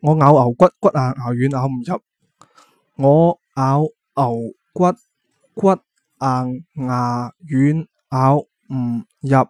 我咬牛骨骨硬牙軟咬唔入，我咬牛骨骨硬牙軟咬唔入。